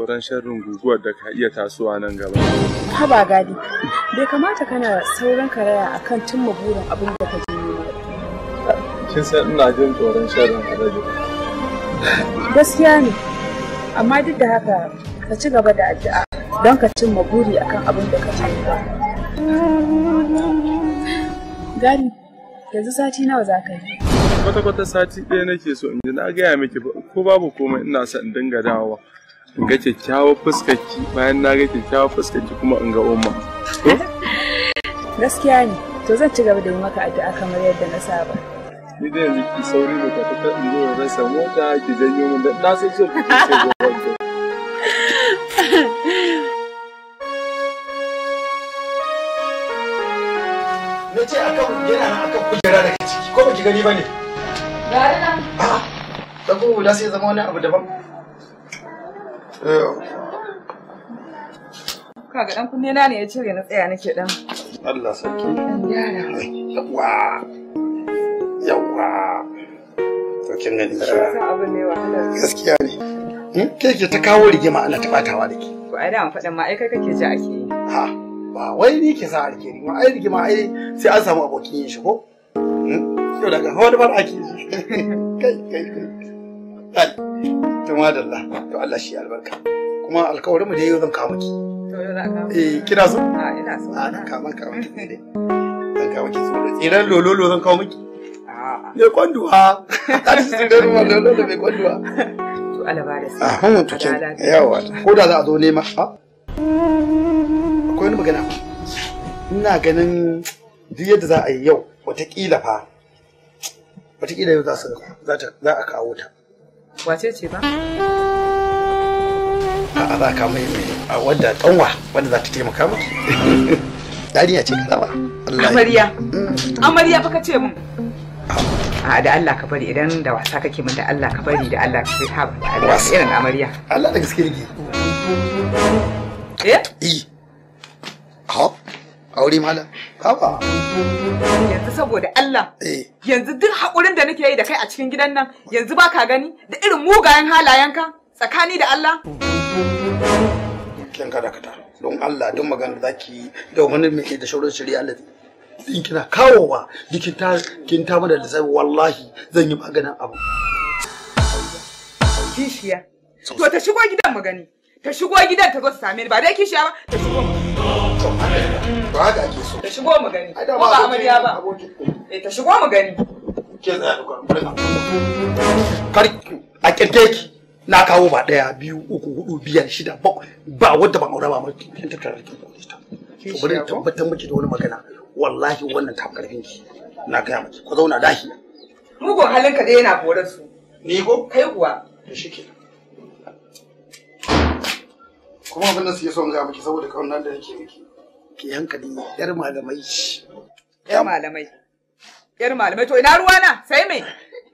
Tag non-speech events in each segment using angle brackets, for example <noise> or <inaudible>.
tsoron sharrin guguwar da ka iya tasowa nan gaba. Haba gadi, bai kamata kana sauran karaya kan cimma burin abin da ka je Kin san ina jin tsoron sharrin alaji. Gaskiya ne, amma duk da haka ka ci gaba da addu'a don ka cimma buri akan abin da ka je Gadi, yanzu sati nawa za ka yi? kwata-kwata sati ɗaya nake so in ji na gaya miki ko babu komai ina son in dinga dawowa in ga kyakkyawar fuskarki bayan na ga kyakkyawar fuskarki kuma in ga umma <laughs> gaskiya ne to zan ci gaba da maka addu'a kamar yadda na saba ni dai yanzu ki sauri da ta fita in zo rasa mota ki janyo min da na san so ki ce <laughs> na ce yana akan kujera daga ciki ko ba ki gani ba ne? Gari nan. Ah, ɗago wula sai zama wani abu daban. Kaga dan kunne na ne ya cire na tsaya nake dan. Allah sarki. Yawa. Yawa. To kin gani Gaskiya ne. Hmm? Ke ke ta kawo rigima ana tabatawa da ke. Ko ai da an faɗin ma ai kai kake ji ake yi. Ha. Ba wai ni ke sa ake rigima ai rigima ai sai an samu abokin yin shi ko? Hmm? Yau daga hawa da bar ake yi. <laughs> Kai kai kai. to madalla to Allah shi albarka kuma alkawarin mu da yau zan kawo miki eh kina so a ina so a dan kawo kawo miki dai zan kawo miki so tsiran lololo zan kawo miki me kwanduwa ta ji tsiran lololo da me kwanduwa to alaba da sai a to kin yawa ko da za a zo nema ha akwai wani magana ina ganin duk yadda za a yi yau wataƙila fa wataƙila yau za a kawo ta wace ce ba a a za ka mai mai wadda kanwa wadda za ta taimaka miki dariya <laughs> ce kaza ba amarya mm. amarya fa ka ce mun a da Allah ka bari idan da wasa kake min da Allah ka bari da Allah ka ha da Allah irin amarya Allah da gaske ne eh eh ha aure malam haba yanzu saboda Allah eh. yanzu duk hakurin da nake yi da kai a cikin gidan nan yanzu ba ka gani da irin mugayen halayenka tsakani da Allah kin kada ka don Allah duk magana da zaki da wani mai da shawarar shari'a Allah in kina kawowa dikin ta kin ta mada lissafi wallahi zan yi maganin abu kishiya to ta shigo gidan magani ta shigo gidan ta zo ta same ni ba dai kishiya ba ta shigo To haka ake so. Ta shigo mu gani. Ko ba amarya ba. Eh ta shigo mu gani. Ke tsaya da a kirke ki. Na kawo ba daya biyu uku hudu biyar shida bakwai ba wadda ban aure ba ma kin tattara ki ko ita. To bari in tabbatar miki da wani magana. Wallahi wannan ta karfin ki. Na gaya maki ku zauna lafiya. Mugun halinka dai yana borar su. Ni ko? Kai kuwa. To shikenan. kuma abin da suke son ga miki saboda kaunar da yake miki ki hankali yar malamai Yar malamai. Yar malamai to ina ruwana sai me?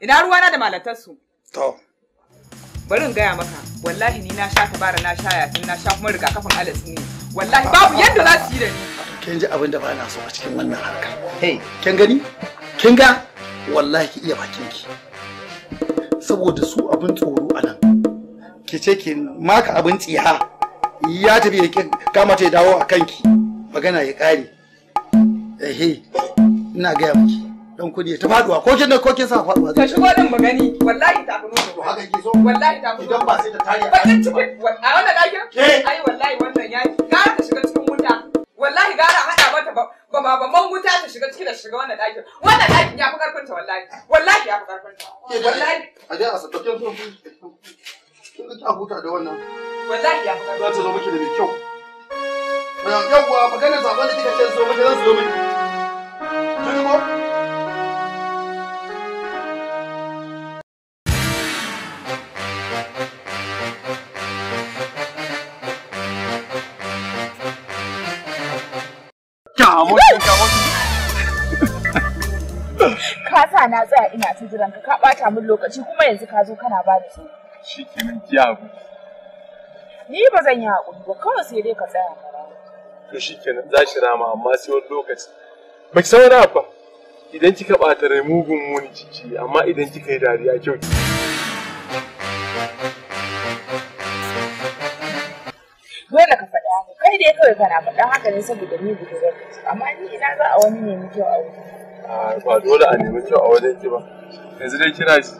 Ina ruwana da malatarsu. To. Bari in gaya maka wallahi ni na sha tabara na sha yatin na sha kuma rigakafin alas ne. Wallahi babu yadda za su yi da ni. Kin ji abin da ba na so a cikin wannan harka. Hey, kin gani? Kin ga? Wallahi ki iya bakin ki. Saboda su abin tsoro a nan. Ke ce ke maka abin tsiya. Ya tafi da kama ta dawo a kanki. magana ya ƙare ehe ina gaya miki don kudi ta faduwa ko kin ko kin sa faduwa ta shigo din magani wallahi ta funo to haka ki so wallahi ta funo idan ba sai ta tare ba kin ci a wannan dakin ke ai wallahi wannan yayi gara ta shiga cikin wuta wallahi gara hada mata ba ba ba man wuta ta shiga cikin da shiga wannan dakin wannan dakin ya fi karfin ta wallahi wallahi ya fi karfin ta wallahi a dai a sabbata kin so kin ga ta huta da wannan wallahi ya fi karfin ta zo miki da mai kyau yawwa maganar zaɓen da kika ce so mace za su zo mini kin ko Ka sa na tsaya ina ta jiran ka ka ɓata min lokaci kuma yanzu ka zo kana ba da su. Shi kenan ki Ni ba zan yi haƙuri ba kawai sai dai ka tsaya. to shi kenan za shi rama amma sai wani lokaci ba ki san wani abu idan kika ɓata rai mugun muni ciki amma idan kika yi dariya kyau dole ka faɗi haka kai dai kawai kana faɗa? haka ne saboda ni budurwar amma ni ina za a wani nemi kyau a wani ba dole a nemi kyau a wajen ki ba yanzu dai kira shi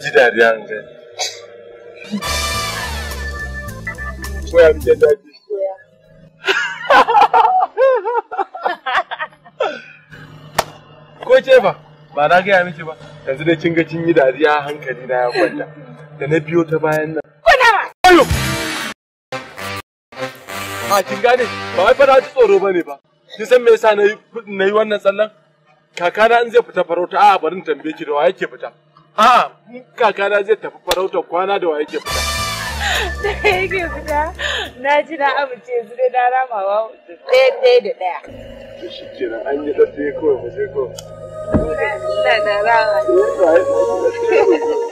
ji dariya an gani ko ya fi daɗi Ko ce ba, ba na gaya miki ba, yanzu dai kin ga kin yi dariya hankali na ya kwanta. Da na biyo ta bayan nan. Kuna ba! A kin gane, ba wai fara ji tsoro ba ne ba. Kin san me yasa na yi wannan tsallan? Kakana in zai fita farauta, a'a bari in tambaye ki da wa yake fita. A'a, kakana zai tafi farauta kwana da wa yake fita. <laughs> da yake fita na ji na amince su dai na ramawa ɗaya ɗaya da ɗaya. To shi an yi ɗaɗɗe kawai mu je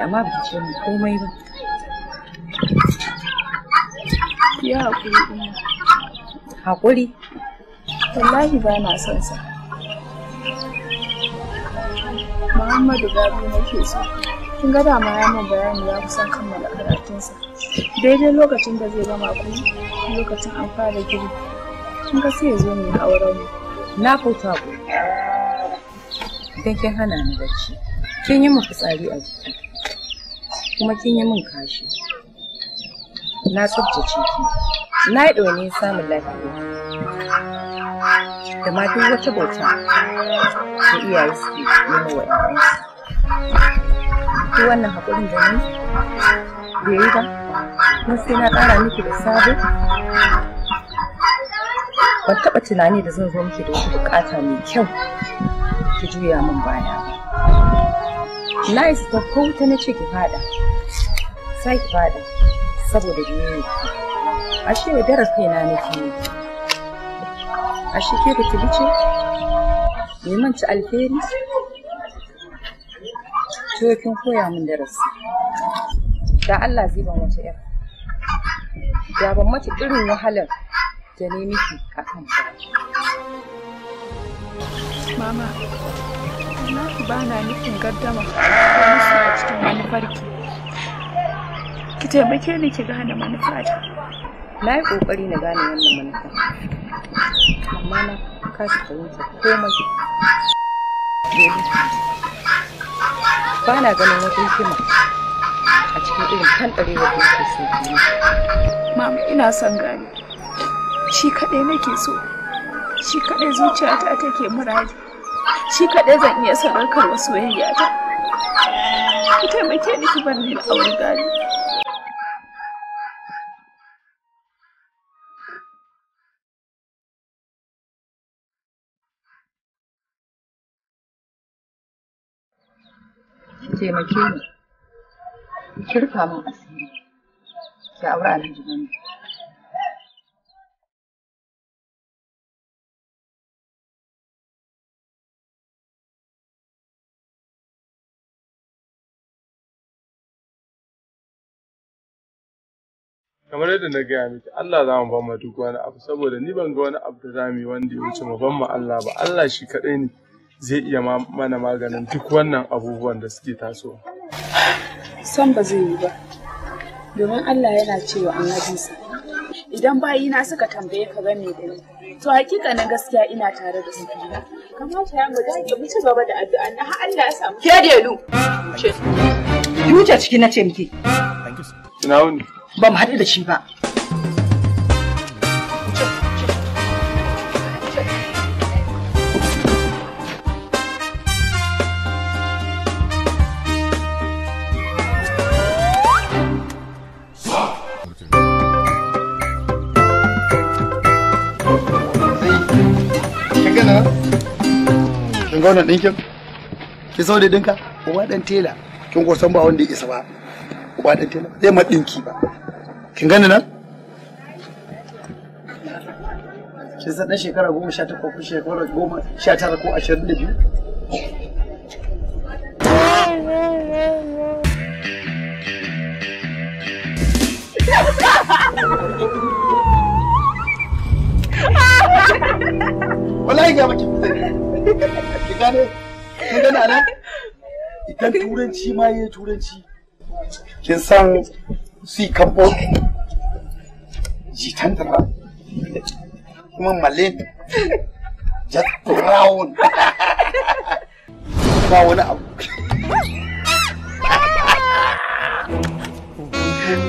ki amma ba ce mu komai ba ya hakuri ina? hakuri wallahi ba na son sa Muhammadu Gabi nake so kin ga dama ya min bayani ya kusan kammala karatunsa daidai lokacin da zai gama kuma lokacin an fara girbi kin ga sai ya zo mu auren mu na fita ku idan kin hana ni bacci kin yi mu fitsari a jiki kuma kin yi min kashi na tsabtace ki na yi ɗaune samun lafiya da ma duk wata bauta da iyaye suke yi wa ɗan'ansu duk wannan haƙurin da ni da yi ba kuma sai na ƙara miki da sabo ban taɓa tunani da zan zo miki da wata buƙata mai kyau ki juya min baya ba na isa ta na ce ki faɗa sake faɗa saboda biyu ashe ya dara kaina ne ashe ke ka tilice bai manci alheri to kin koya min darasi da Allah zai ban wata yar da ban mace irin wahalar da ne miki kan ba mama na ba na nufin gaddama ko a cikin wani farki ki taimake ni ki gane manufa ta. na yi ƙoƙari na gane wannan manufa amma na kasa fahimta komai ba na ganin wata hikima a cikin irin tantarewar da yake so ki mama ina son gani shi kaɗai nake so shi kaɗai zuciyata take muradi shi kaɗai zan iya sadaukar wa soyayya ta ki taimake ni ki bar ni a wurin gani taimake ni ki kirka min asiri ki aure alhaji bane kamar yadda na gaya miki Allah za mu ban duk wani abu saboda ni ban ga wani abu da za mu yi wanda ya wuce mu ban Allah ba Allah shi kaɗai ne zai iya mana maganin duk wannan abubuwan da suke tasowa. San ba zai yi ba, domin Allah yana cewa an sa. Idan bayina suka tambaye ka gane da ni, to hakika na gaskiya ina tare da su. Kamata ya mu dage mu ci gaba da addu'a na har Allah ya samu. Ke delu. Ki wuce ciki na ce miki. Ina wuni. Ba mu haɗu da shi ba. wannan ɗinkin ki sau da ɗinka uba ɗan tela kin ko san ba wanda ya isa ba uba ɗan tela zai ma ɗinki ba kin gani nan kin san ɗan shekara goma sha takwas ko shekara goma sha tara ko ashirin da biyu wallahi ga maki ki gane kin gane ana idan turanci ma yayi turanci kin san si kampo jitandra kuma malin jet brown ba wani abu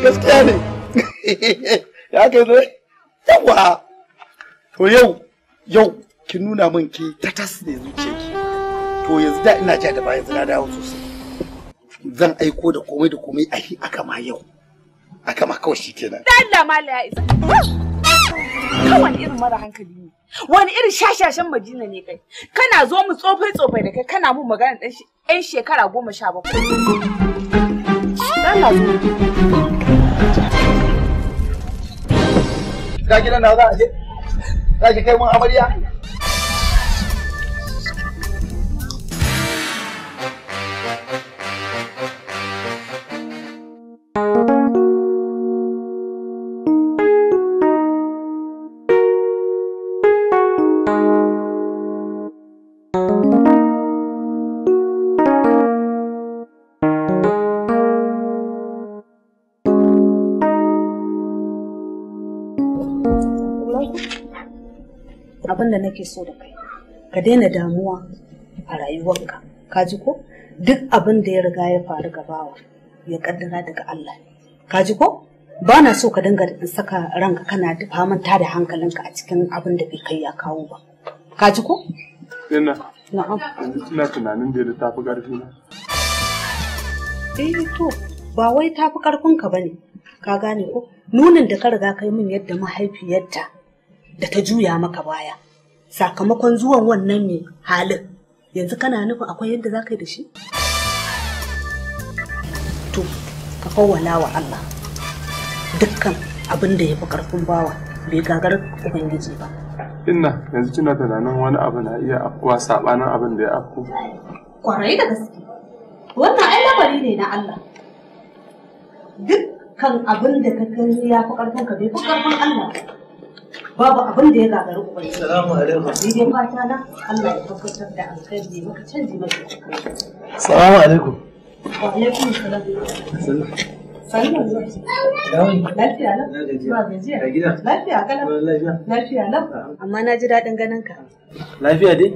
gaskiya ne ya yawa to yau yau ki nuna min ki ta tatas ne zuciyarki to yanzu da ina ja da bayan na dawo sosai zan aiko da komai da komai a yi aka ma yau aka ma kawai shikenan da Allah mala ya isa kawai irin mara hankali ne wani irin shashashan majina ne kai kana zo mu tsofai tsofai da kai kana mu magana dan yan shekara goma sha bakwai Allah zo ka gidan na za a je za ki kai mun amarya abin da nake so da kai ka daina damuwa a rayuwarka ka ji ko duk abin da ya riga ya faru gabawa ya kaddara daga Allah ka ji ko ba na so ka dinga saka ranka kana faman da hankalinka a cikin abin da bai kai ya kawo ba ka ji ko ina na'am ina tunanin da ya tafi karfi na eh to ba wai tafi karfin ka bane ka gane ko nunin da ka riga kai min yadda mahaifiyarta da ta juya maka baya sakamakon zuwan wannan mai halin yanzu kana nufin akwai yadda za ka yi da shi to ka fawwala wa Allah dukkan abin da ya fi karfin bawa bai gagar ubangiji ba inna yanzu kina tunanin wani abu na iya afkuwa sabanin abin da ya afku kwarai da gaske wannan ai labari ne na Allah dukkan abin da ka gani ya fi karfin ka bai fi karfin Allah babu abin da ya gagari ubanci assalamu alaikum dai mata na Allah ya tabbatar da alkhairi maka canji maka assalamu alaikum wa alaikum assalam lafiya na lafiya lafiya amma na ji daɗin ganin ka lafiya dai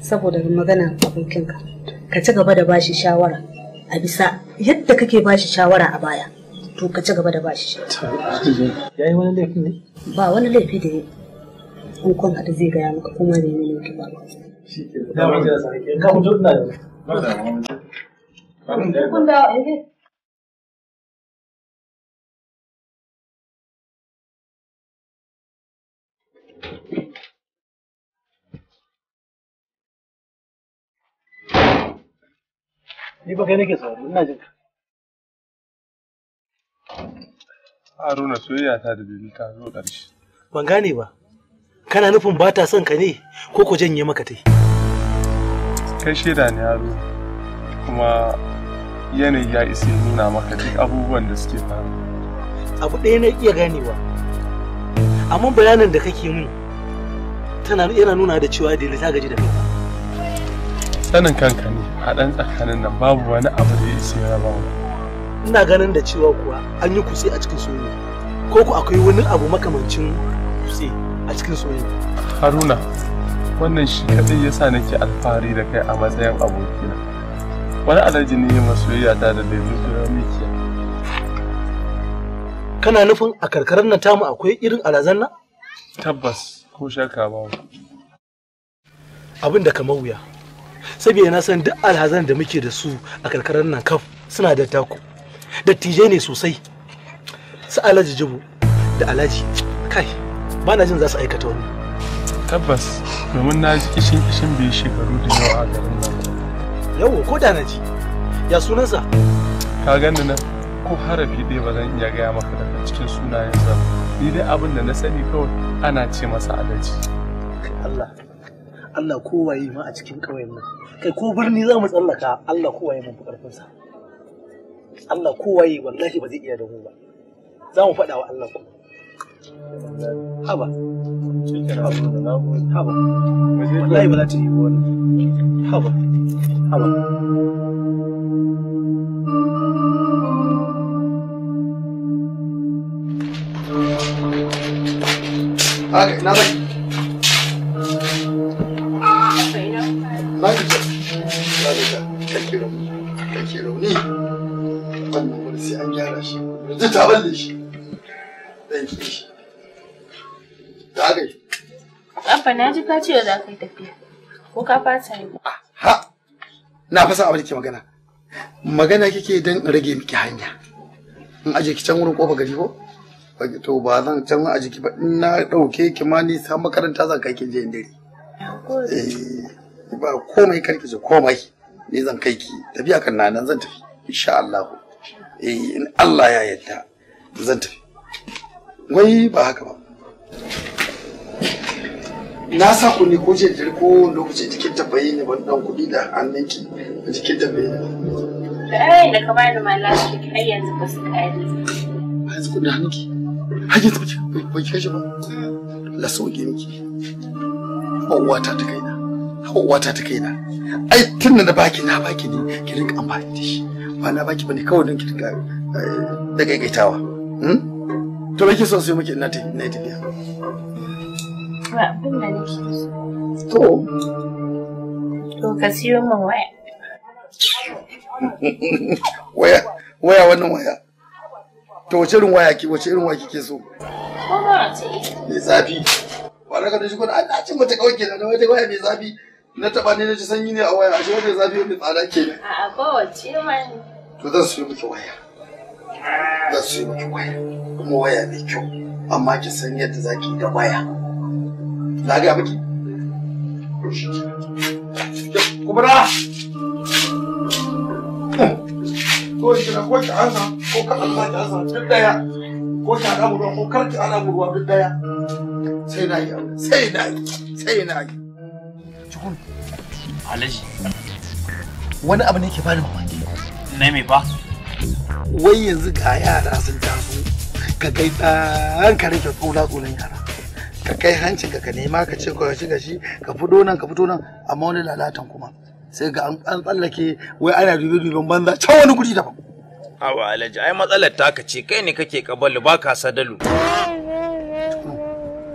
saboda magana abokinka ka ci gaba da bashi shawara a bisa yadda kake bashi shawara a baya to ka ci gaba da bashi. Ya yi wani laifi ne? Ba wani laifi da in kun haɗu zai gaya maka kuma ne ne ke ne, ka Ba eh, eh. Ni ba kai nake sauraro, ina jin ka. Haruna soyayya ta da Bibi ta zo ƙarshe. Ban gane ba. Kana nufin ba ta son ka ne ko ku janye maka tai? Kai shaida ne Haruna kuma yanayi ya isa nuna maka duk abubuwan da suke faru. Abu ɗaya na iya ganewa. Amma bayanin da kake mun tana yana nuna da cewa Dele ta gaji da kai. Sanin kanka ne a ɗan tsakanin nan babu wani abu da ya isa ya raba mu. ina ganin da cewa kuwa an yi kutse a cikin soyayya ko ku akwai wani abu makamancin kutse a cikin soyayya haruna wannan shi kadai ya sa nake alfahari da kai a matsayin abokina wani alaji ne soyayya ta da bai mutu mikiya kana nufin a karkarar nan tamu akwai irin alazan nan tabbas ko shakka ba abin da kamar wuya saboda na san duk alhazan da muke da su a karkarar nan kaf suna da taku dattijai ne sosai su alhaji jibo da alhaji kai ba na jin za su aikata wani tabbas domin na ji kishin kishin bai shekaru da yawa a garin nan yawo ko da na ji ya sunansa ka gani na ko harafi dai ba zan iya gaya maka daga cikin sunayen sa ni dai abin da na sani kawai ana ce masa alaji Allah Allah kowaye ma a cikin ƙauyen nan kai ko birni za mu tsallaka Allah kowaye mun fi ƙarfinsa Allah waye wallahi ba zai iya da mu ba za mu faɗa wa Allah ku haba haba wallahi ba za ta yi wani haba haba Okay, now like... Ah, da ta nicht. shi na ji ko ka yi ha na fasa abin da ke magana magana kike dan rage miki hanya in aje ki can wurin kofa gari ko to ba zan can a ki ba in na dauke ki ma ni sa makaranta zan kai ki je dare eh, ba komai karki je komai ni zan kai ki tafiya kan nan zan tafi insha Allah Eh, in Allah ya yadda zan tafi wai ba haka ba na sa ku ne ko je da ko lokacin cikin tabbayi ne ban dan kuɗi da hannunki a cikin tabbayi ne da ai da ka bani malaka har yanzu ba su kare ba yanzu kuɗin hannunki har yanzu ba ki kashe ba Allah sauke miki hawata ta kaina hawata ta kaina ai tun da na baki na baki ne ki rinka amfani da shi ba na baki bane kawai don ki rika eh, da gaigaitawa hmm? to baki so sai muke ina te ina te biya ba to to ka siyo min waya <laughs> waya waya wannan waya to wace irin waya ki wace irin waya kike so ko ba ce mai zafi ba na kada shi ko an dace mata kawai kenan wata waya mai zafi na taba ne na ji sanyi ne a waya a shi wata zafi mai tsada a a ko wace mai to zan su yi miki waya zan su yi miki waya kuma waya mai kyau amma ki san yadda za ki da waya na ga miki kubra ko ki na ko ki ansa ko ka ansa ki ansa duk daya ko ki ana ruwa ko kar ki ana ruwa duk daya sai na yi sai na yi sai na yi alaji wani abu ne ke bani mamaki. na me ba wai yanzu ga yara sun taso ka kai ɗan ka rike kula yara ka kai hancin ka nema ka ce ka shiga shi ka fito nan ka fito nan amma wani lalatan kuma sai ga an tsallake wai ana dubi-dubi duben banza can wani guri daban Awa Alhaji, ai matsalar ta ce kai ne kake kabalu ba ka sadalu.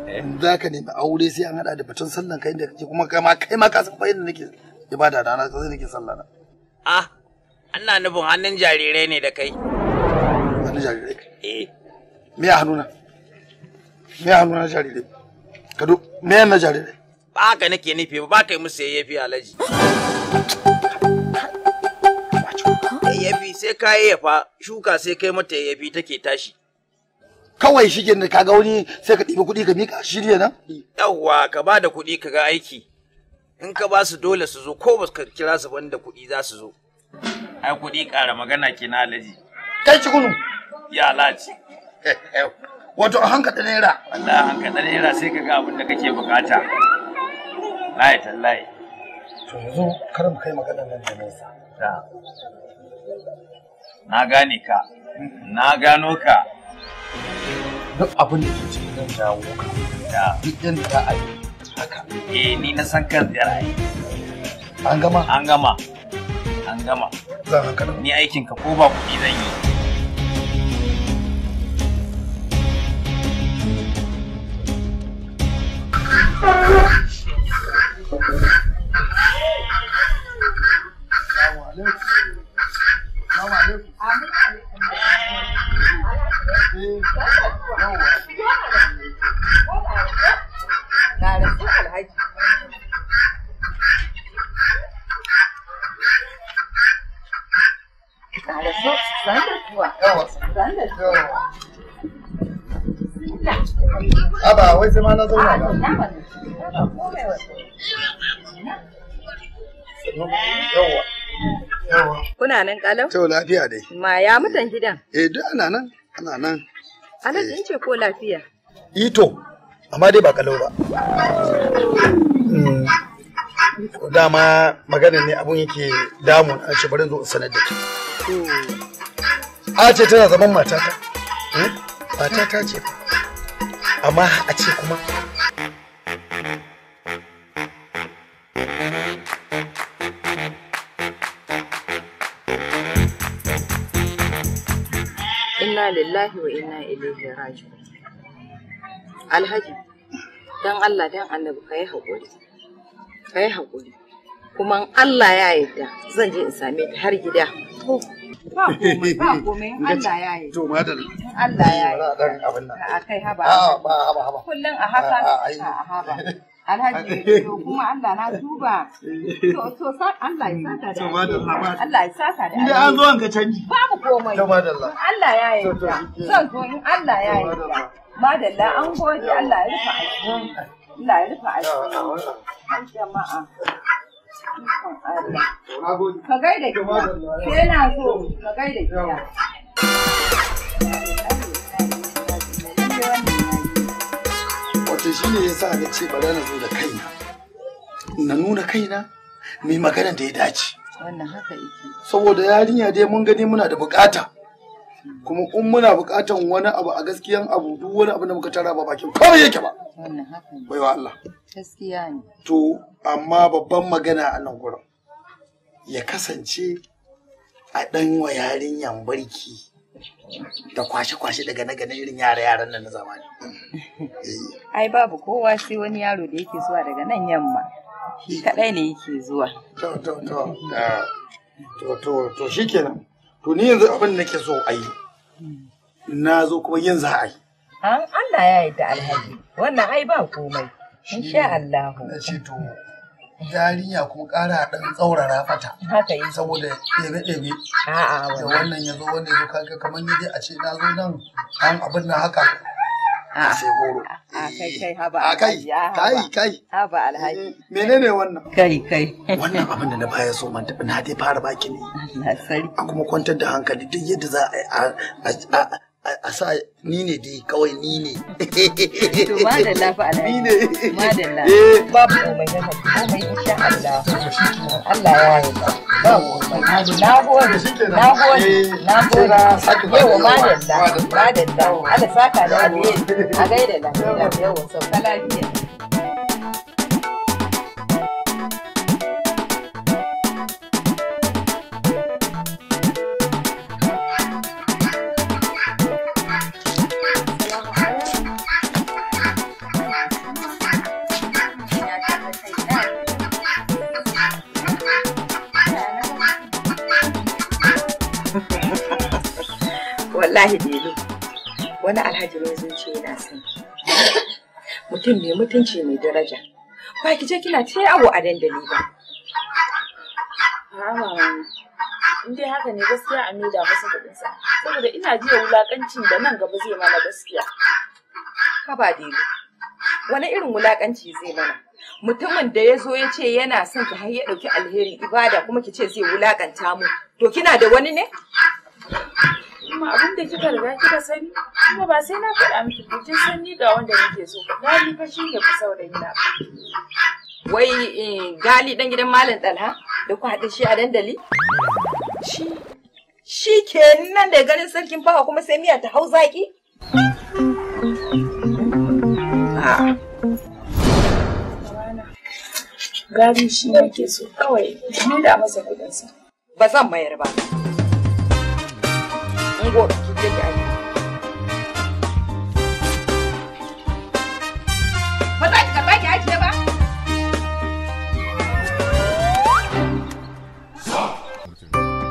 Eh, za ka nemi aure sai an hada da batun sallan kai da kake kuma kai ma kai ma ka san fa da nake ibada da na sai nake sallana. Ah, Ana nufin hannun jarirai ne da kai. Hannun jarirai? Eh. Me ya hannuna? Me a hannuna jarirai? Kado, me ya na jarirai? Ba haka nake nufi ba, ba kai musu yayyafi alaji. Yayyafi sai ka yayyafa, shuka sai kai mata yayyafi take tashi. Kawai shi ne ka ga wani sai ka ɗiba kuɗi ka mika shi ne nan? Yawwa, ka ba da kuɗi ka ga aiki. In ka ba su dole su zo ko ba ka kira su ban da kuɗi za su zo. ai kuɗi ƙara magana ke na alaji kai ci kunu ya alaji <laughs> wato hanka da naira wallahi hanka da naira sai ka ga abin da kake bukata layi tallahi to yanzu kar mu kai magana nan da nesa na gane ka na gano ka duk abin da ke cikin zan jawo ka da duk yadda za a yi haka eh ni na san kan ziyara an gama an gama an gama ni aikin ka ko ba kuɗi zan yi na zauna Kuna nan kalau? To lafiya dai. Ma ya mutan gidan? Eh duk ana nan, ana nan. Alhaji eh. in ce ko lafiya? Ito, amma dai ba kalau ba. Hmm. dama magana ne abun yake damun a ce bari zo in sanar da ke. A ce tana zaman matata. Hmm? Matata ce. amma a ce kuma inna lillahi wa inna ilaihi raji'un alhaji dan Allah dan annabi kai hakuri kai hakuri kuma Allah ya yarda zan je in same ta har gida ba komai ba komai Allah ya yi to madal Allah ya yi dan abin nan a kai haba ah, haba haba kullun a haka a haba alhaji to kuma Allah na duba to to Allah ya saka da Allah ya saka da idan an zo an ka canji babu komai to Allah ya yi zan zo in Allah ya yi madalla an gode Allah ya rufa Allah ya rufa asiri jama'a Ka gaida gida, ke na so ka gaida Wato shi ne ya sa na ce bari na zo da kaina. Na nuna kaina mai magana da ya dace. Wannan haka yake. Saboda yarinya dai mun gani muna da bukata. kuma in muna bukatan wani abu a gaskiyan abu duk wani abu da muka tara ba bakin kawai yake ba wa Allah gaskiya ne to amma babban magana a nan gurin ya kasance a ɗan wa yarinyan barki da kwashe-kwashe daga na gane irin yara-yaran nan na zamani. <laughs> Ai babu kowa sai wani yaro da yake zuwa daga nan yamma. Shi kaɗai ne yake zuwa. To, to, to, eh, to, to, to, shi To ni yanzu abin nake so a yi. Na zo kuma yin za a yi. An Allah ya da alhaji. Wannan ai ba komai. Insha Allah. Na ce to yarinya kuma ƙara ɗan tsaurara fata. Haka yi. Saboda ɗebe-ɗebe. A'a. Da wannan ya zo wanda ya zo kaga kamar ni dai a ce na zo nan an abin na haka Ah, sai goro. A ah, ah, kai eh. kai kai. Haba alhaji. Eh, menene wannan? Kai kai. Wannan abin da na baya so man na dai fara baki ne. Allah A kuma kwantar da hankali duk yadda za a a sa ni ne dai kawai ni ne. To da lafi Ni ne. Eh. da lafi. Babu Allah. Allah ya yi ba. Na gode. Na gode. Eh. Na gode. Yau ma da lafi. da lafi. saka da alheri. A gaida lafiya. Yau lafiya. wallahi delu wani alhaji ne zan ce yana son mutum mai mutunci mai daraja ba ki je kina ta abu a dandali ba in dai haka ne gaskiya a maida masa kuɗin sa saboda ina jiya wulakancin da nan gaba zai mana gaskiya ka ba delu wani irin wulakanci zai mana mutumin da ya zo ya ce yana son ki har ya ɗauki alheri ibada kuma ki ce zai wulakanta mu to kina da wani ne kuma abin da kika riga kika sani kuma ba sai na faɗa miki ba kin san ni ga wanda nake so ni fa shi ne fa saurayi na wai eh, gali dan gidan malam dalha da ku haɗa shi a dandali shi shi nan da garin sarkin fawa kuma sai miya ta hau zaki ah. Gari shi ne ke so kawai, ni da masa kudinsa. Ba zan mayar ba. 이거 두개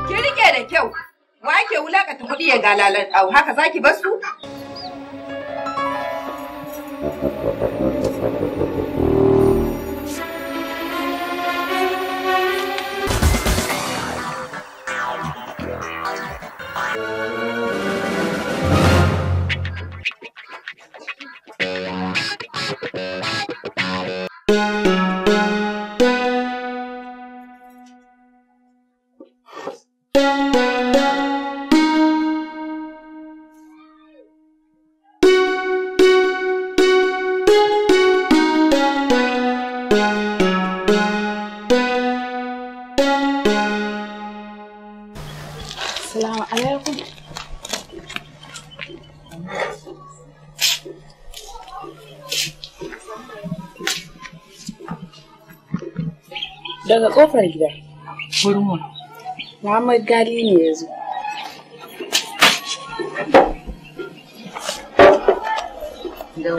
Ki riƙe da kyau, wa ke wulakata kuɗi ya galalar haka zaki basu? kofar gida wurin wa Muhammad Gali ne ya zo. Da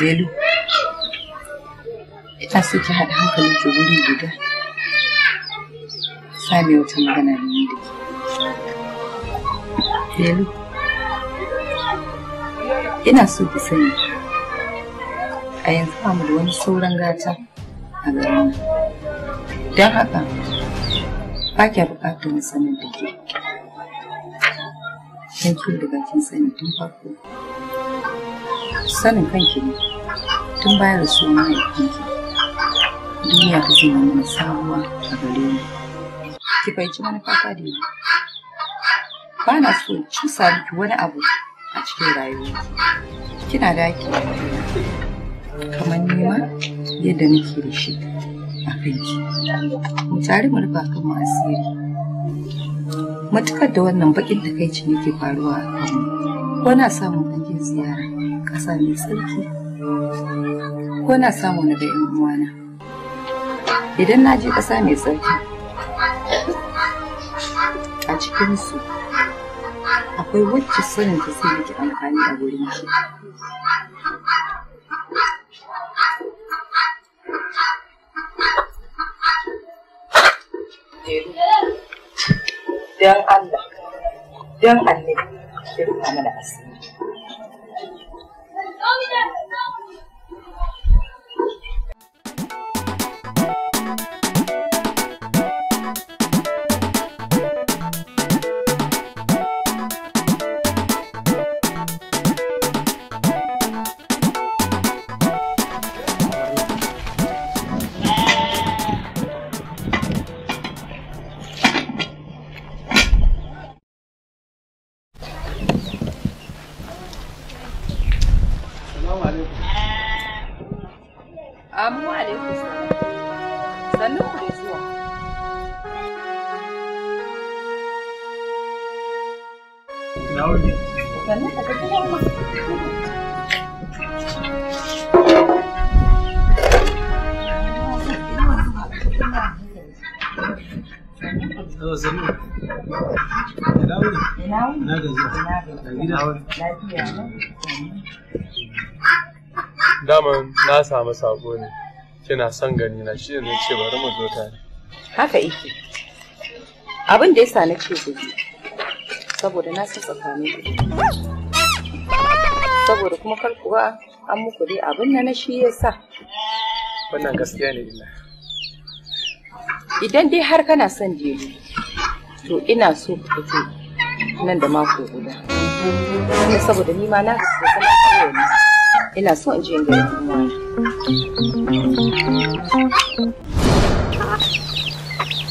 Lelu, Ita su ki haɗa hankalin ki wuri guda. Sami wata magana da ni da Lelu, ina so ki sani ba mu da wani sauran gata a garin don haka ba kya bukatar wani sanar da ke don ki da bakin sani tun farko sanin kanki ne tun su mai kanki duniya ta zama mana sabuwa a gare mu ki fahimci manufa da yi ba na so cusa miki wani abu a cikin rayuwa kina da haƙƙi kamar nema yadda nake da shi a kanki mu tare mu rufa kan asiri matukar da wannan bakin takaicin yake faruwa a kanmu ko na samun ɗanjin ziyara ƙasa mai tsarki ko na samu na ga 'yan uwana idan na je ƙasa mai tsarki a cikinsu akwai wacce sanin ta sai yake amfani a gurin shi 对，两安的，两安的，就是他们两个。Hello, Na Daman na samu sako ne. Kina son gani na shi ne ce bari mu zo tare. Haka yake. Abin da yasa na ce ku saboda na san tsakanin saboda kuma karkuwa an muku dai abin na na shi ya sa wannan gaskiya ne ina idan dai har kana son jeru to ina so ku fito nan da mako guda kuma saboda ni ma na gaskiya kana kawai ina so in je in gari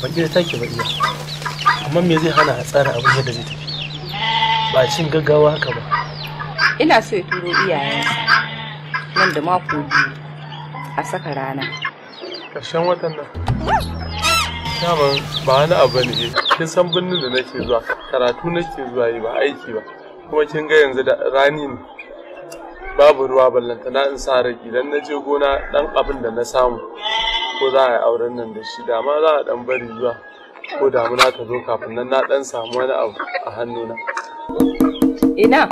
Bakir take ba iya, amma me zai hana a tsara abin yadda zai tafi? ba cin gaggawa haka ba ina so ya turo iyayensa nan da mako biyu a saka rana ƙarshen watan nan daman ba wani abu ne kin san birnin da nake zuwa karatu nake zuwa yi ba aiki ba kuma kin ga yanzu da rani ne babu ruwa ballanta na in sa rage idan na je gona dan abin da na samu ko za a yi auren nan da shi dama za a dan bari zuwa ko damuna ta zo kafin nan na dan samu wani abu a hannuna Ina,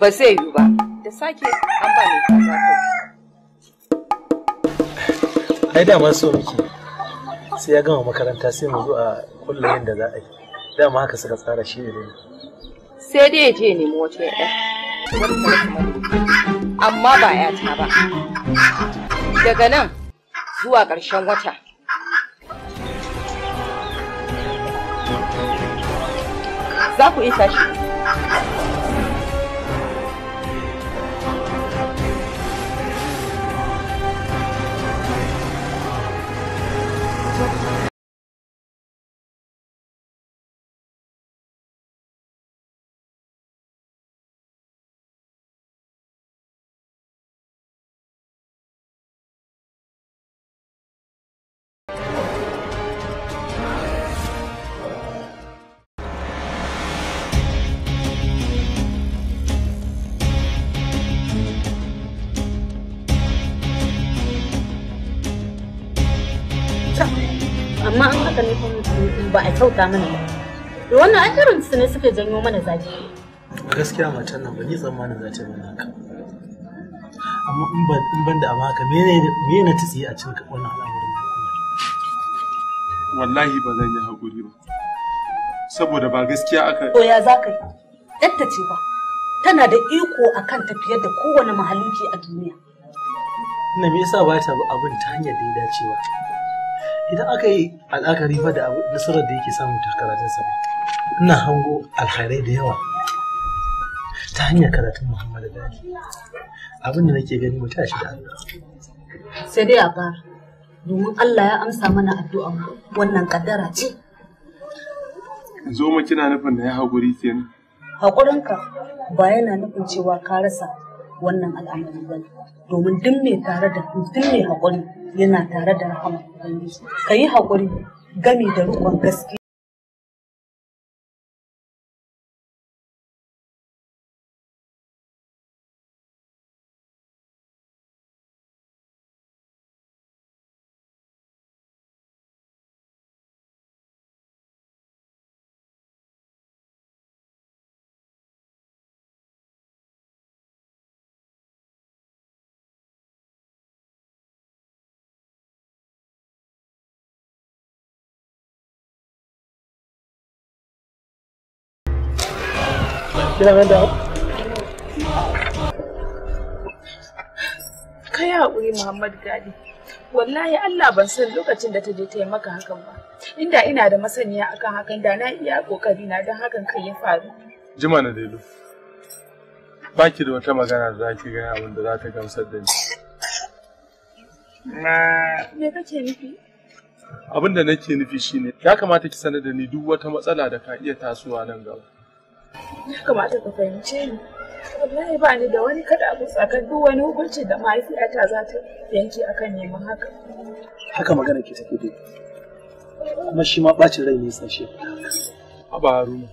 ba zai yiwu ba, da sake an ba mai kaza kai. Ai dama so miki sai ya gama makaranta sai mu zo a kullum da za a yi. Dama haka suka tsara shi ne. Sai dai ya je mu wata ya Amma ba ta ba. Daga nan zuwa ƙarshen wata. Za ku isa shi. kyauta mana ba da wannan an irin su ne suke janyo mana zafi gaskiya matan nan ba ni tsammanin za ta yi haka amma in ban da amma haka me ne ta tsaye a cikin wannan al'amarin wallahi ba zan yi haƙuri ba saboda ba gaskiya aka to ya za ka yi ɗatta ce ba tana da iko akan tafiyar da kowane mahaluki a duniya Ina me yasa ba ta abin ta hanyar da ya dace ba idan aka yi al'akari ba da nasarar da yake samu ta karatun sa ina hango alhairai da yawa ta hanyar karatun muhammadu dani abin da nake gani mu shi da allah sai dai a fara domin allah ya amsa mana addu'a wannan kaddara ce zo mu kina nufin da ya haƙuri kenan haƙurinka ba yana nufin cewa ka rasa wannan al'amari ba domin duk mai tare da duk mai haƙuri yana tare da rahama ka yi haƙuri gami da riƙon gaskiya Kina nan da Kai haƙuri Muhammad Gadi. Wallahi Allah ban san lokacin da ta je ta yi maka hakan ba. Inda ina da masaniya akan hakan da na iya kokari na don hakan kai ya faru. Jima na delu. Ba ki da wata magana da za ki gaya da za ta gamsar da ni. Me kake nufi? Abin da nake nufi shine ya kamata ki sanar da ni duk wata matsala da ka iya tasowa nan gaba. ya kamata ka fahimce ni wallahi ba ni da wani kada abu tsakan duk wani hukunci da mahaifiyata za ta yanke akan neman haka haka magana ke take dai kuma shi ma bacin rai ne tsashe aba haruna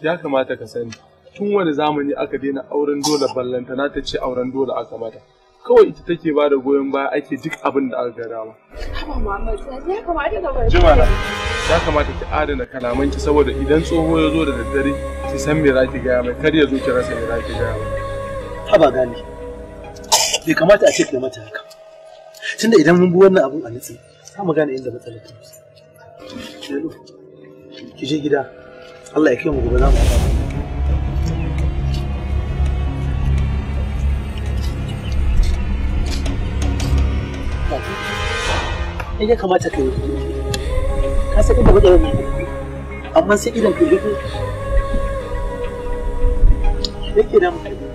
ya kamata ka sani tun wani zamani aka daina auren dole ballantana ta ce auren dole aka mata kawai ita take ba da goyon baya ake duk abin da aka gada ma. Jimana, ya kamata ki adana kalamanki saboda idan tsoho ya zo da daddare ki san me za ki gaya mai kar ya zo ki rasa me za ki gaya mai. Haba gani, bai kamata a ce kai mata haka. Tunda idan mun bi wannan abun a nutsi, za mu gane inda matsalar ta Ki je gida, Allah ya kai mu gobe za mu haɗa. kai ya kamata ka yi ka san inda matsalar ne amma sai idan ka yi yake da mutane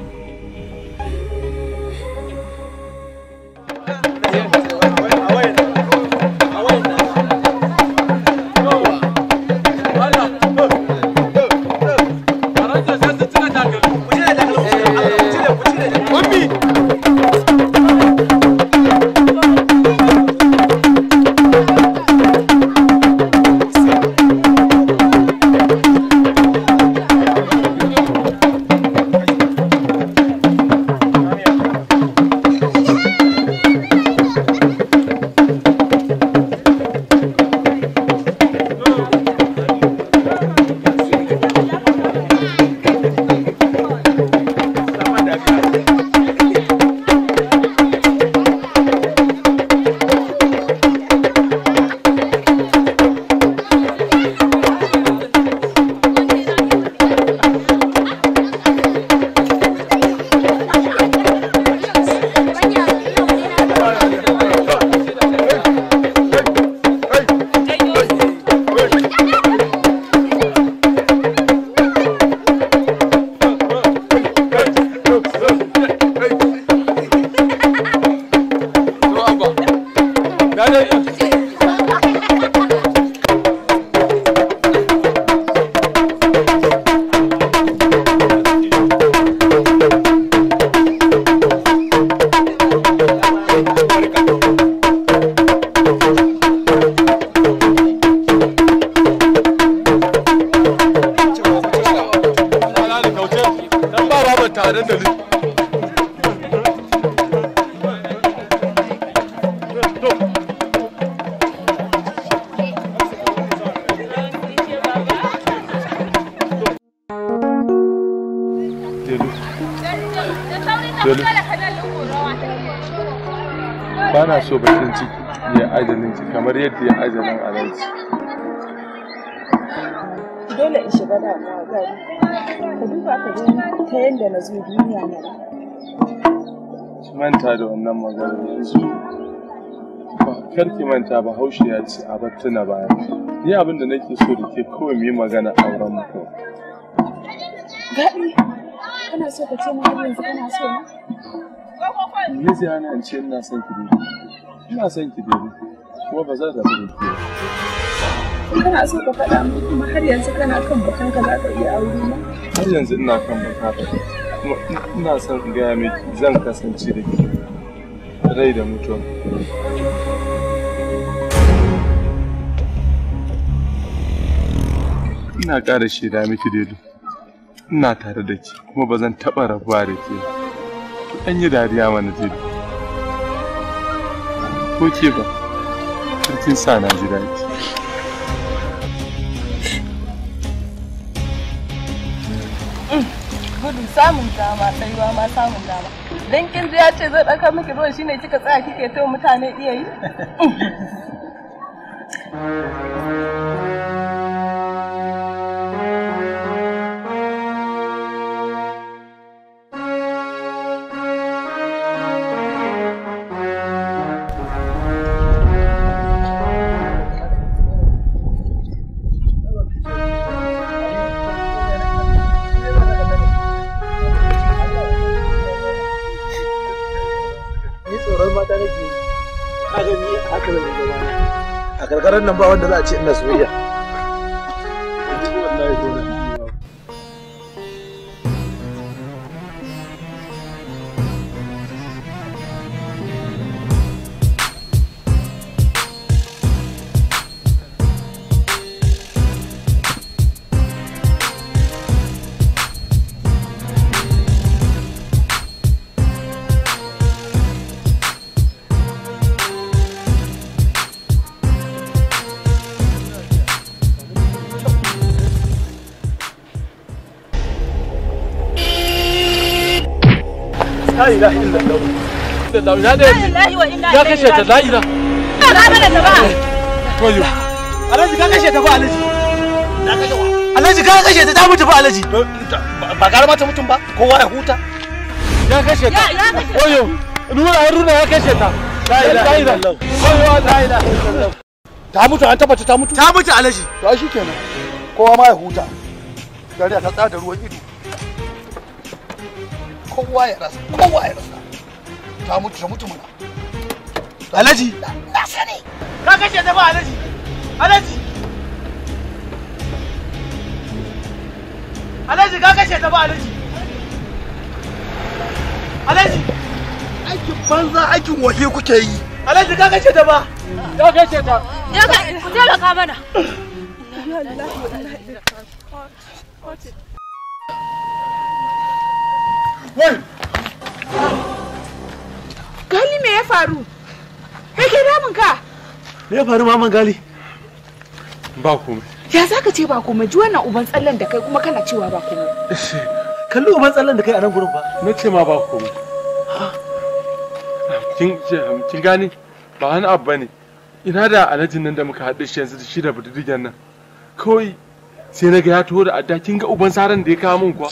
da na zo duniya na ba. Manta da wannan maganar yanzu. Kar ki manta ba haushe ya ce a bar tuna Ni abin da nake so da ke kawai mu yi magana auren mu Gadi, Gaɗi, kana so ka ce mu yanzu kana so ne Ni ziyana in ce ina son ki daidai. Ina son ki daidai. Kuma ba zan rabu da ba. in kana so ka faɗa min kuma har yanzu kana kan bakan za ka iya aure na har yanzu ina kan baka kuma ina son in gaya miki zan kasance da ke rai da mutum. ina ƙara shaida miki delu ina tare da ki kuma ba zan taɓa rabuwa da ke an yi dariya mana delu ko ke ba sarkin sa na ji daɗi gudu samun dama tsayuwa ma samun dama dan kin ya ce zai ɗauka miki ruwan shine kika tsaya kike ta mutane iya yi <laughs> karkarar nan ba wanda za a ce ina soyayya ina ta ta alhaji ka kashe ta ta mutu ba alhaji ba gara ba kowa ya huta ya kashe ta koyo nura haruna ya kashe ta la ilaha illallah koyo la ilaha ta mutu an tabbata ta mutu ta mutu alhaji to shikenan kowa ma ya huta dariya ta tsada ruwan ido kowa ya rasa kowa ya rasa ta mutu ta mutu mana alhaji na sani ka kashe ta ba alhaji alhaji alhaji ka kashe ta ba alhaji alhaji aikin banza aikin waje kuke yi alhaji ka kashe ta ba ka kashe ta ya ka ku tara ka mana wai gali me ya faru me ke damun ka me ya faru maman gali ba komai ya za ka ce ba komai ji wannan uban tsallan da kai kuma kana cewa ba komai kalli uban tsallan da kai a nan gurin ba na ce ma ba komai kin gani ba wani abu bane ina da alhajin nan da muka haɗe shi yanzu shi da budurgen nan kawai sai na ga ya taho da adda kin ga uban saran da ya kawo min kuwa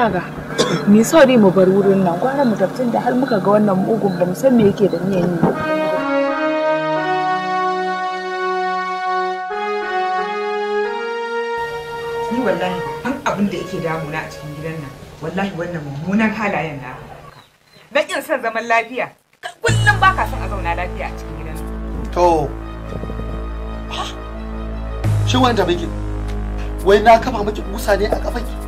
kaga <coughs> ni sauri mu bar wurin nan gwara mu tafi da har muka ga wannan mugun ba mu san me yake da niyan yi ni wallahi an abin da yake damuna a cikin gidan nan wallahi wannan mummunan halayen na dan kin son zaman lafiya kullum ba ka san a zauna lafiya a cikin gidan to shi wanda muke wai na kafa miki kusa ne a kafanki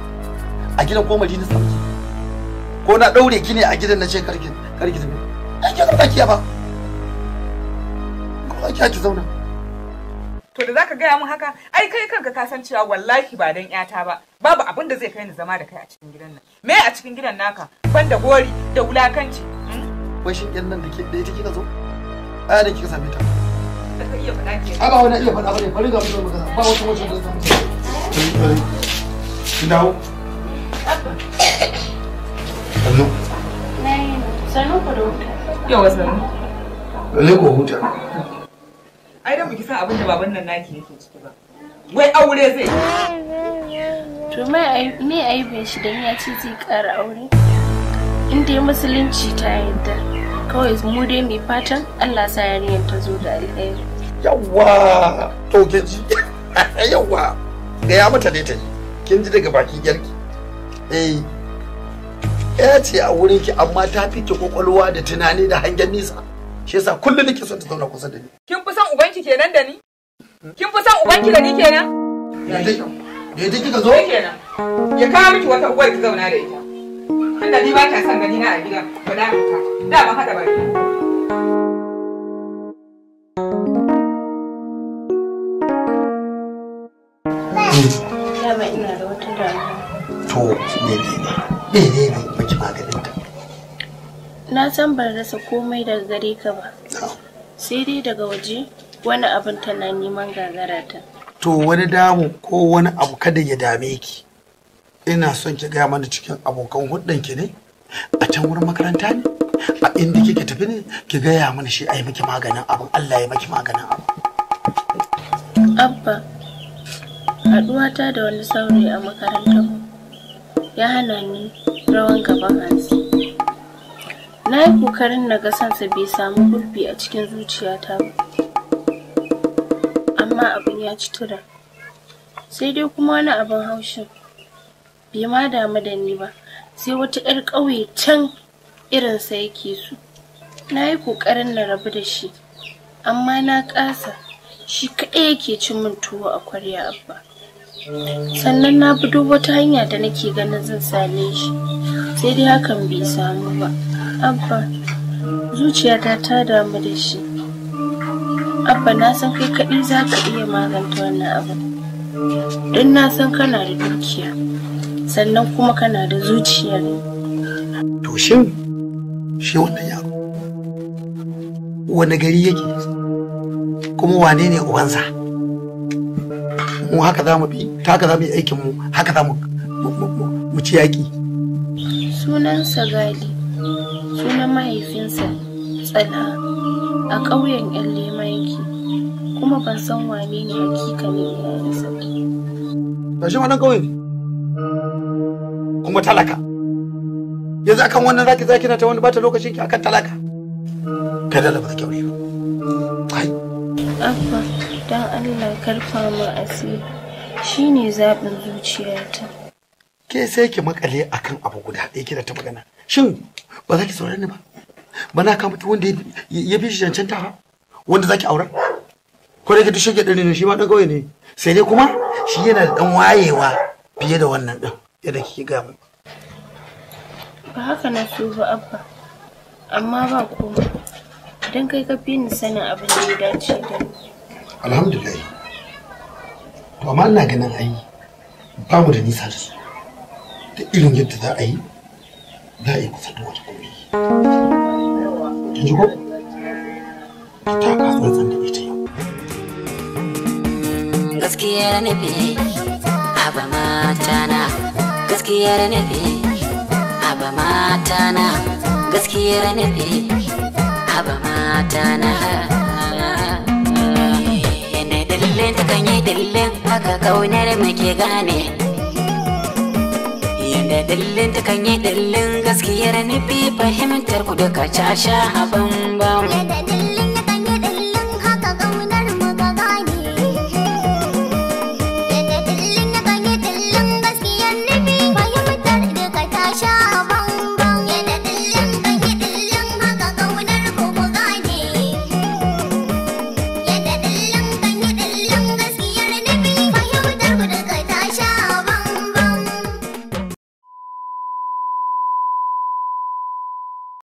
a gidan ko majalis sarki, ko na daure ki ne a gidan na ce karki karki tafi ai ke zauna kiya ba ko ki ki zauna to da zaka gaya mun haka ai kai kanka ka san cewa wallahi ba dan yata ba babu abin da zai kai ni zama da kai a cikin gidan nan me a cikin gidan naka banda gori da wulakanci hmm? wai shin nan da ke ɗaya kika zo aya da kika same ta ka iya faɗa ke ba wani iya faɗa bane bari ga mu zo ba wata wacce da ta mutu ki dawo Sannu. Sannu ku da huta. Yawa sannu. ne ku huta. Ai dan biki kisa abin da baban nan naki yake ciki ba. Wai aure zai yi. To mai me aibin shi dan ya ce zai ƙara aure? Inda musulunci ta yadda. Kawai mu dai mai fatan Allah sa yarinyar ta zo da alheri. Yawa! To kin ji. <laughs> yawwa. Gaya mata dai ta yi. Kin ji daga bakin yarki. eh ya ce a wurin ki amma ta fi ki kwakwalwa da tunani da hangen nisa shi yasa kullum nake so ta zauna kusa da ni kin fi son ubanki kenan da ni kin fi son ubanki da ni kenan da yadda kika zo kenan ya kawo miki wata uwar ki zauna da ita tunda ni ba ta son gani na a gidan ba da da ba hada ba menene miki maganin ta na san ban rasa komai daga gare ka ba sai dai daga waje wani abin tana neman gagara ta to wani damu ko wani abu kada ya dame ki ina son ki gaya mana cikin abokan hudun ki ne a can wurin makaranta ne a inda kike tafi ne ki gaya mana shi a yi miki maganin abu. allah ya maki maganin abu. abba haɗuwata da wani saurayi a makarantar ya hana ni rawan gaban hansi na yi kokarin na ga sansa bai samu gurbi a cikin zuciyata ba amma abin ya ci tura sai dai kuma wani abin haushin bai ma damu da ni ba sai wata 'yar ƙauye can irinsa yake so na yi ƙoƙarin na rabu da shi amma na ƙasa shi kaɗai yake cin min tuwo a kwarya abba sannan na bi duk wata hanya da nake ganin zan same shi sai dai hakan bai samu ba abba zuciyata ta damu da shi abba na san kai kaɗi za ka iya maganta wannan abu don na san kana da dukiya sannan kuma kana da zuciya ne to shin shi wannan yaro wani gari yake kuma wane ne ubansa mu haka za mu bi ta haka za mu yi aikin mu haka za mu mu ci yaƙi sunan gali sunan mahaifinsa tsala a ƙauyen yan yake kuma ban san wane ne hakikanin yayansa ba shi ma ƙauye kuma talaka yanzu akan wannan zaki zaki na ta wani bata lokacin ki akan talaka kai da ba ta kyaure ba Abba. don Allah karfa mu asiri shine zaɓin zuciyarta. Ke sai ki makale akan abu guda ɗaya kira ta magana. Shin ba za ki saurare ni ba? Ba na mutu wanda ya bi shi cancanta ba? Wanda za ki aura? Ko da ki dushe ki ɗari ne shi ma ɗan ƙauye ne. Sai dai kuma shi yana da ɗan wayewa fiye da wannan ɗin yadda kike gaya mu. Ba haka na so ba abba. Amma ba komai. Idan kai ka fi ni sanin abin da ya dace da ni. alhamdulillah to amma ina ganin ai ba mu da nisa da su da irin yadda za a yi za a yi kusa da wata gobe kin ji ko ta ka zan da ita yau gaskiyar nufi aba mata na gaskiyar nufi aba mata na gaskiyar nufi aba mata na idan ta kan yi dillin haka kaunar muke gane yadda dillin ta kan yi dillin gaskiyar nufi fahimtar ku duka casha a mu.